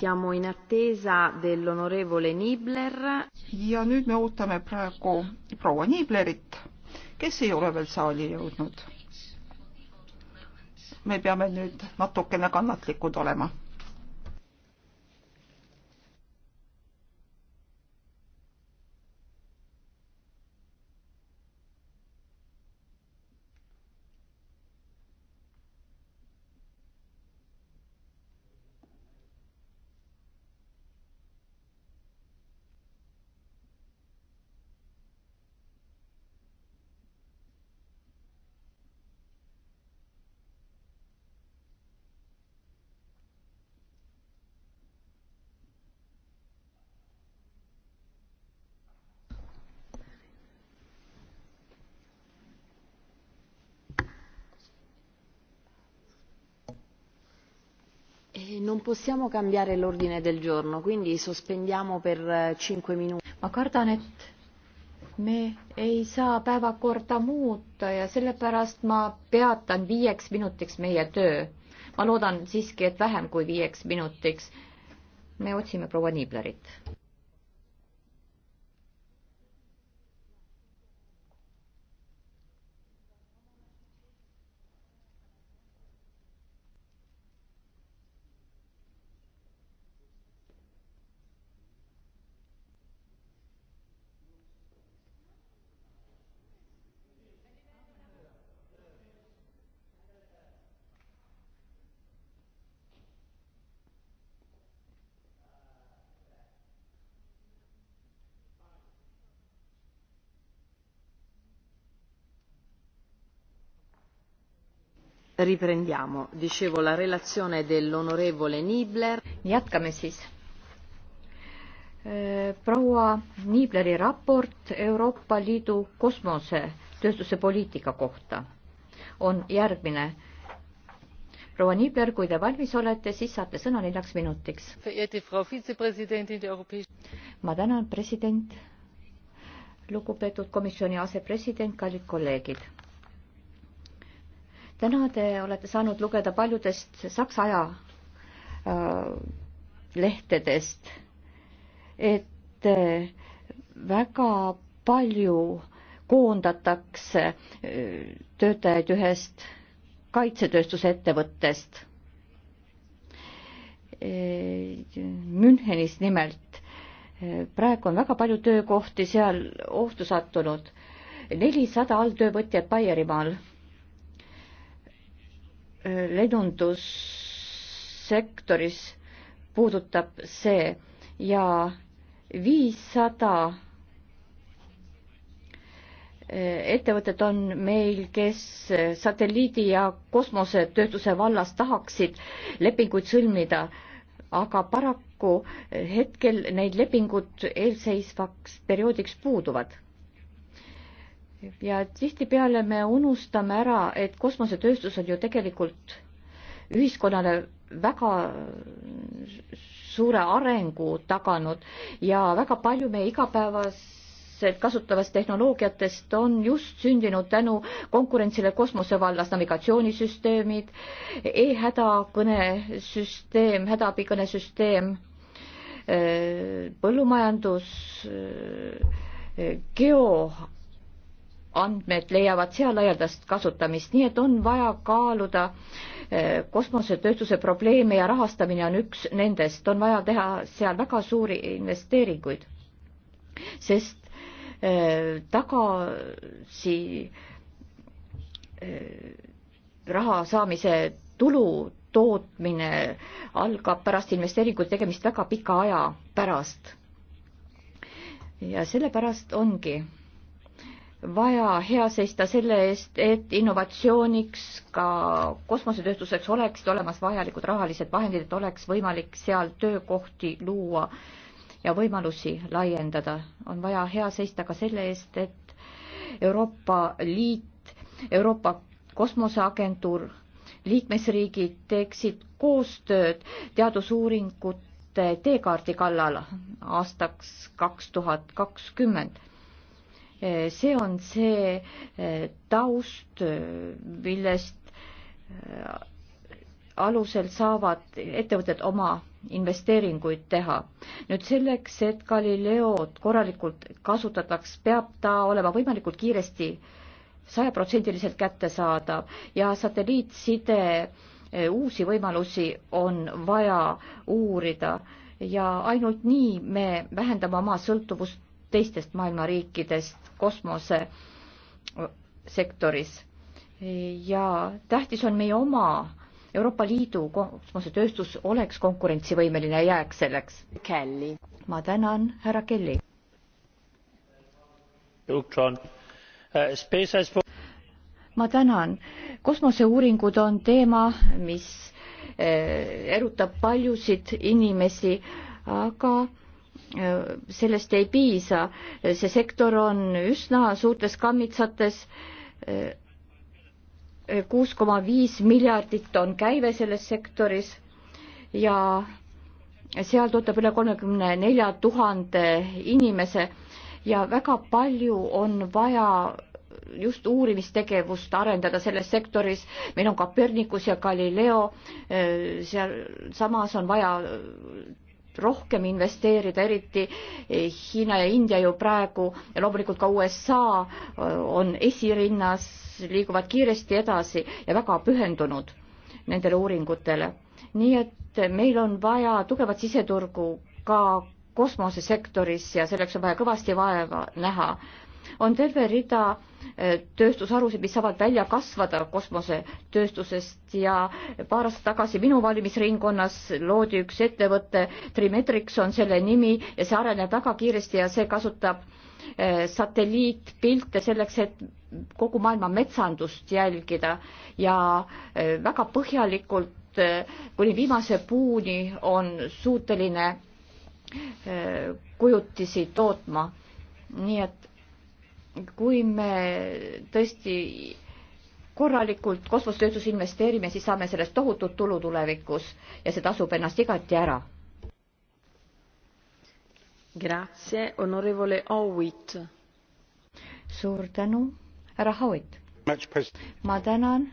Siamo in attesa dell'onorevole Nibler. ja nüüd me ootame praegu proua Niblerit, kes ei ole veel saali jõudnud. me peame nüüd natukene kannatlikud olema Eh, non possiamo cambiare l'ordine del giorno, quindi sospendiamo per eh, cinque minuti. ma kardan, et me ei saa päevakorda muuta ja sellepärast ma peatan viieks minutiks meie töö. ma loodan siiski, et vähem kui viieks minutiks. me otsime proua Niiblerit. Riprendiamo. Dicevo la relazione dell'onorevole Nibler. jätkame siis. Eh, proua Nibleri raport Euroopa Liidu kosmosetööstuse poliitika kohta on järgmine. proua Nibler, kui te valmis olete, siis saate sõna neljaks minutiks. ma tänan, president, lugupeetud komisjoni asepresident, kallid kolleegid täna te olete saanud lugeda paljudest Saksa aja äh, lehtedest, et äh, väga palju koondatakse äh, töötajaid ühest kaitsetööstusettevõttest äh,. Münchenis nimelt äh,. praegu on väga palju töökohti seal ohtu sattunud. nelisada alltöövõtjat Baierimaal lennundussektoris puudutab see ja viissada eh, ettevõtted on meil, kes satelliidi ja kosmosetööstuse vallas tahaksid lepinguid sõlmida, aga paraku hetkel need lepingud eelseisvaks perioodiks puuduvad ja tihtipeale me unustame ära, et kosmosetööstus on ju tegelikult ühiskonnale väga suure arengu taganud ja väga palju meie igapäevased kasutavast tehnoloogiatest on just sündinud tänu konkurentsile kosmose vallas navigatsioonisüsteemid e, e-hädakõnesüsteem, hädaabikõnesüsteem, äh, põllumajandus, äh, geo andmed leiavad seal laialdast kasutamist, nii et on vaja kaaluda eh, kosmosetööstuse probleeme ja rahastamine on üks nendest, on vaja teha seal väga suuri investeeringuid, sest eh, tagasi eh, raha saamise tulu tootmine algab pärast investeeringute tegemist väga pika aja pärast. ja sellepärast ongi vaja hea seista selle eest, et innovatsiooniks, ka kosmosetööstuseks oleksid olemas vajalikud rahalised vahendid, et oleks võimalik seal töökohti luua ja võimalusi laiendada. on vaja hea seista ka selle eest, et Euroopa Liit, Euroopa Kosmoseagentuur, liikmesriigid teeksid koostööd teadusuuringute teekaardi kallal aastaks kaks tuhat kakskümmend see on see eh, taust, eh, millest eh, alusel saavad ettevõtted oma investeeringuid teha. nüüd selleks, et Galileod korralikult kasutataks, peab ta olema võimalikult kiiresti sajaprotsendiliselt kättesaadav ja satelliitside uusi võimalusi on vaja uurida ja ainult nii me vähendame oma sõltuvust teistest maailma riikidest kosmosesektoris. ja tähtis on meie oma Euroopa Liidu kosmosetööstus oleks konkurentsivõimeline ja jääks selleks. Kelly. ma tänan, härra Kelly. Eh, ma tänan. kosmoseuuringud on teema, mis eh, erutab paljusid inimesi, aga sellest ei piisa, see sektor on üsna suurtes kammitsates, kuus koma viis miljardit on käive selles sektoris ja seal töötab üle kolmekümne nelja tuhande inimese ja väga palju on vaja just uurimistegevust arendada selles sektoris, meil on Copernicus ja Galileo, sealsamas on vaja rohkem investeerida, eriti eh, Hiina ja India ju praegu ja loomulikult ka USA eh, on esirinnas, liiguvad kiiresti edasi ja väga pühendunud nendele uuringutele. nii et meil on vaja tugevat siseturgu ka kosmosesektoris ja selleks on vaja kõvasti vaeva näha. on terve rida tööstusharusid, mis saavad välja kasvada kosmosetööstusest ja paar aastat tagasi minu valimisringkonnas loodi üks ettevõte, Trimetrix on selle nimi ja see areneb väga kiiresti ja see kasutab eh, satelliitpilte selleks, et kogu maailma metsandust jälgida ja eh, väga põhjalikult eh, kuni viimase puuni on suuteline kujutisi tootma. nii et kui me tõesti korralikult kosmosetööstusse investeerime, siis saame sellest tohutut tulu tulevikus ja see tasub ennast igati ära. Grazie, onorevole Howitt. suur tänu, härra Howitt. ma tänan.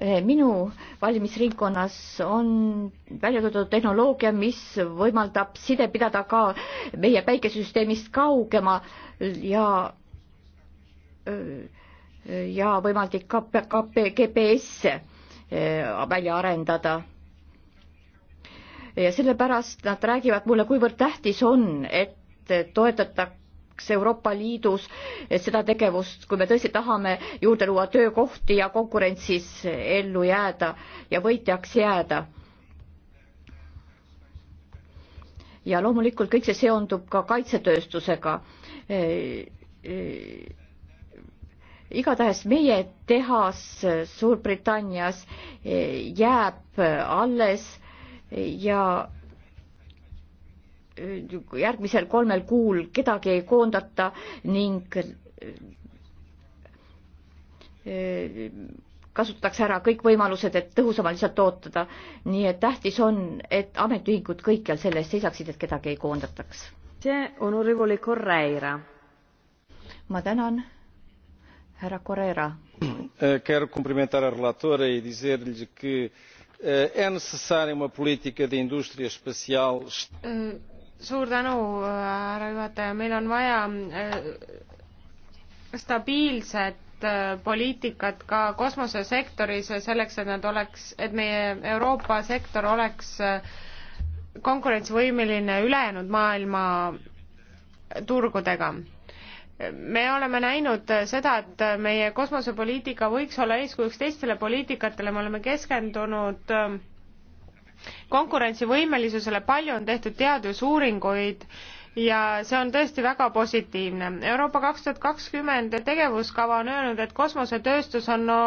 Eh, minu valimisringkonnas on välja toodud tehnoloogia, mis võimaldab side pidada ka meie päikesesüsteemist kaugemal ja ja võimalik ka KP, GPS-e välja arendada. ja sellepärast nad räägivad mulle, kuivõrd tähtis on, et toetatakse Euroopa Liidus seda tegevust, kui me tõesti tahame juurde luua töökohti ja konkurentsis ellu jääda ja võitjaks jääda. ja loomulikult kõik see seondub ka kaitsetööstusega igatahes meie tehas Suurbritannias eh, jääb alles ja eh, järgmisel kolmel kuul kedagi ei koondata ning eh, kasutatakse ära kõik võimalused, et tõhusamalt lihtsalt tootada. nii et tähtis on, et ametiühingud kõikjal selle eest seisaksid, et kedagi ei koondataks. see on Urivoli Correira. ma tänan härra Correira. Eh, quero cumprimentar a relatora e dizer-lhe que eh, é necessária uma política de indústria espacial. Eh, suur tänu, härra juhataja, meil on vaja stabiilset poliitikat ka kosmosesektoris selleks, et nad oleks, et meie Euroopa sektor oleks konkurentsivõimeline ülejäänud maailma turgudega me oleme näinud seda, et meie kosmosepoliitika võiks olla eeskujuks teistele poliitikatele, me oleme keskendunud äh, konkurentsivõimelisusele, palju on tehtud teadusuuringuid ja see on tõesti väga positiivne. Euroopa kaks tuhat kakskümmend tegevuskava on öelnud, et kosmosetööstus on no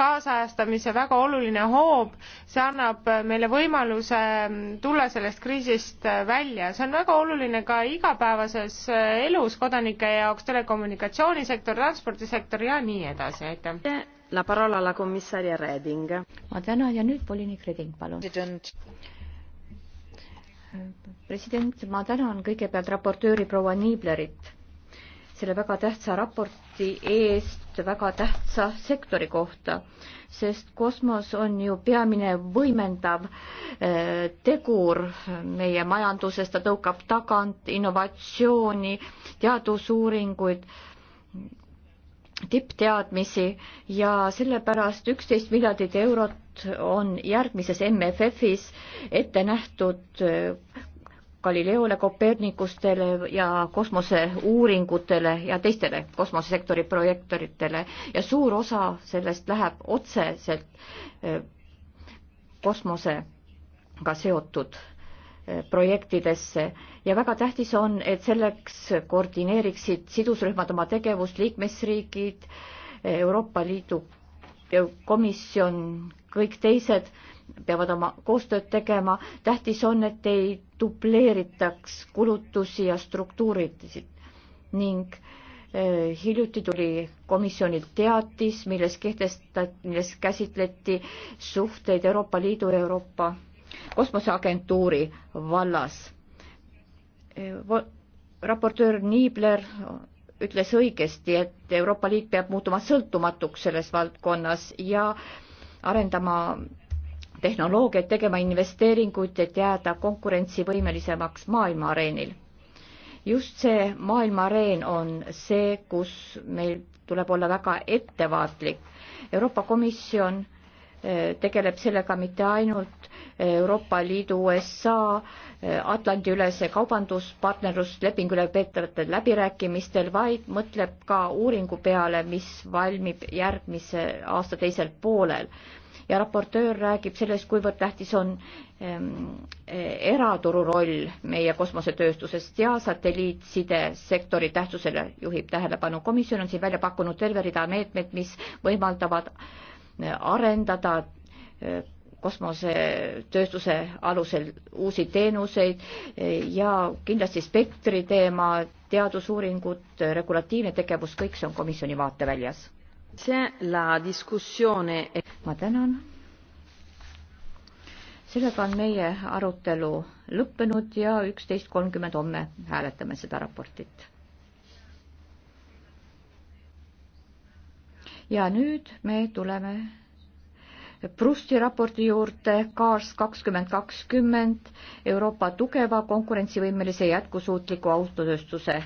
kaasajastamise väga oluline hoob, see annab meile võimaluse tulla sellest kriisist välja. see on väga oluline ka igapäevases elus kodanike jaoks, telekommunikatsioonisektor, transpordisektor ja nii edasi, aitäh. La parola alla commissaria Reding. ma tänan ja nüüd volinik Reding, palun president, ma tänan kõigepealt raportööri proua Niiblerit selle väga tähtsa raporti eest väga tähtsa sektori kohta, sest kosmos on ju peamine võimendav eh, tegur meie majanduses, ta tõukab tagant innovatsiooni, teadusuuringuid tippteadmisi ja sellepärast üksteist miljardit eurot on järgmises MFF-is ette nähtud eh, Galileole, Kopernikustele ja kosmoseuuringutele ja teistele kosmosesektori projektoritele ja suur osa sellest läheb otseselt eh, kosmosega seotud Eh, projektidesse ja väga tähtis on, et selleks koordineeriksid sidusrühmad oma tegevust, liikmesriigid, Euroopa Liidu komisjon, kõik teised peavad oma koostööd tegema. tähtis on, et ei dubleeritaks kulutusi ja struktuurisid ning eh, hiljuti tuli komisjonilt teatis, milles kehtestati, milles käsitleti suhteid Euroopa Liidu ja Euroopa kosmoseagentuuri vallas. E, raportöör Niibler ütles õigesti, et Euroopa Liit peab muutuma sõltumatuks selles valdkonnas ja arendama tehnoloogiat, tegema investeeringuid, et jääda konkurentsivõimelisemaks maailma areenil. just see maailma areen on see, kus meil tuleb olla väga ettevaatlik. Euroopa Komisjon Äh, tegeleb sellega mitte ainult äh, Euroopa Liidu, USA, äh, Atlandi-ülese kaubanduspartnerluslepingu üle peetavatel läbirääkimistel, vaid mõtleb ka uuringu peale, mis valmib järgmise aasta teisel poolel. ja raportöör räägib sellest, kuivõrd tähtis on ähm, eraturu roll meie kosmosetööstusest ja satelliitside sektori tähtsusele juhib tähelepanu. komisjon on siin välja pakkunud terve rida meetmeid, mis võimaldavad äh, arendada eh, kosmosetööstuse alusel uusi teenuseid eh, ja kindlasti spektri teema, teadusuuringud, regulatiivne tegevus, kõik see on komisjoni vaateväljas. E- ma tänan. sellega on meie arutelu lõppenud ja üksteist kolmkümmend homme hääletame seda raportit ja nüüd me tuleme Prusti raporti juurde Kaars kakskümmend kakskümmend Euroopa tugeva konkurentsivõimelise jätkusuutliku autotööstuse